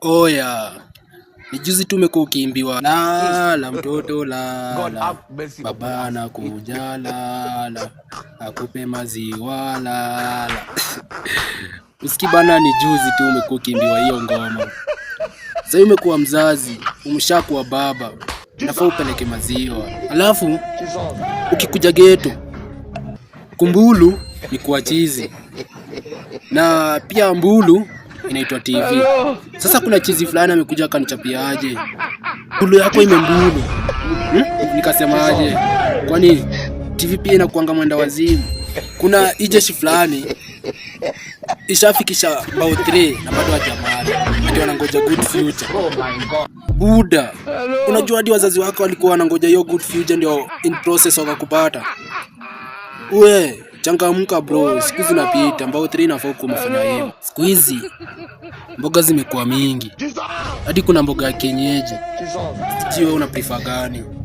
Oya, ni juzi tu umekuwa ukiimbiwa la la mtoto la la baba na kuja la la akupe maziwa la la usiki bana, ni juzi tu umekuwa ukiimbiwa hiyo ngoma. Sasa umekuwa mzazi, umshakuwa baba, nafaa upeleke maziwa. Alafu ukikuja geto kumbulu ni kuwa chizi na pia mbulu inaitwa TV. Sasa kuna chizi fulani amekuja akanichapia aje, kulu yako imembulu hmm? Nikasema aje, kwani TV pia inakuanga mwenda wazimu. Kuna ijeshi fulani ishafikisha bao 3 na bado hajamaliza, ndio wanangoja good future. Oh Buda, unajua hadi wazazi wako walikuwa wanangoja hiyo good future, ndio in process wakakupata Wewe Changamka bro, siku zinapita mbao 3 na 4 kumefanya hivyo. Siku hizi mboga zimekuwa mingi, hadi kuna mboga ya kienyeji. Sijui wewe una prefer gani?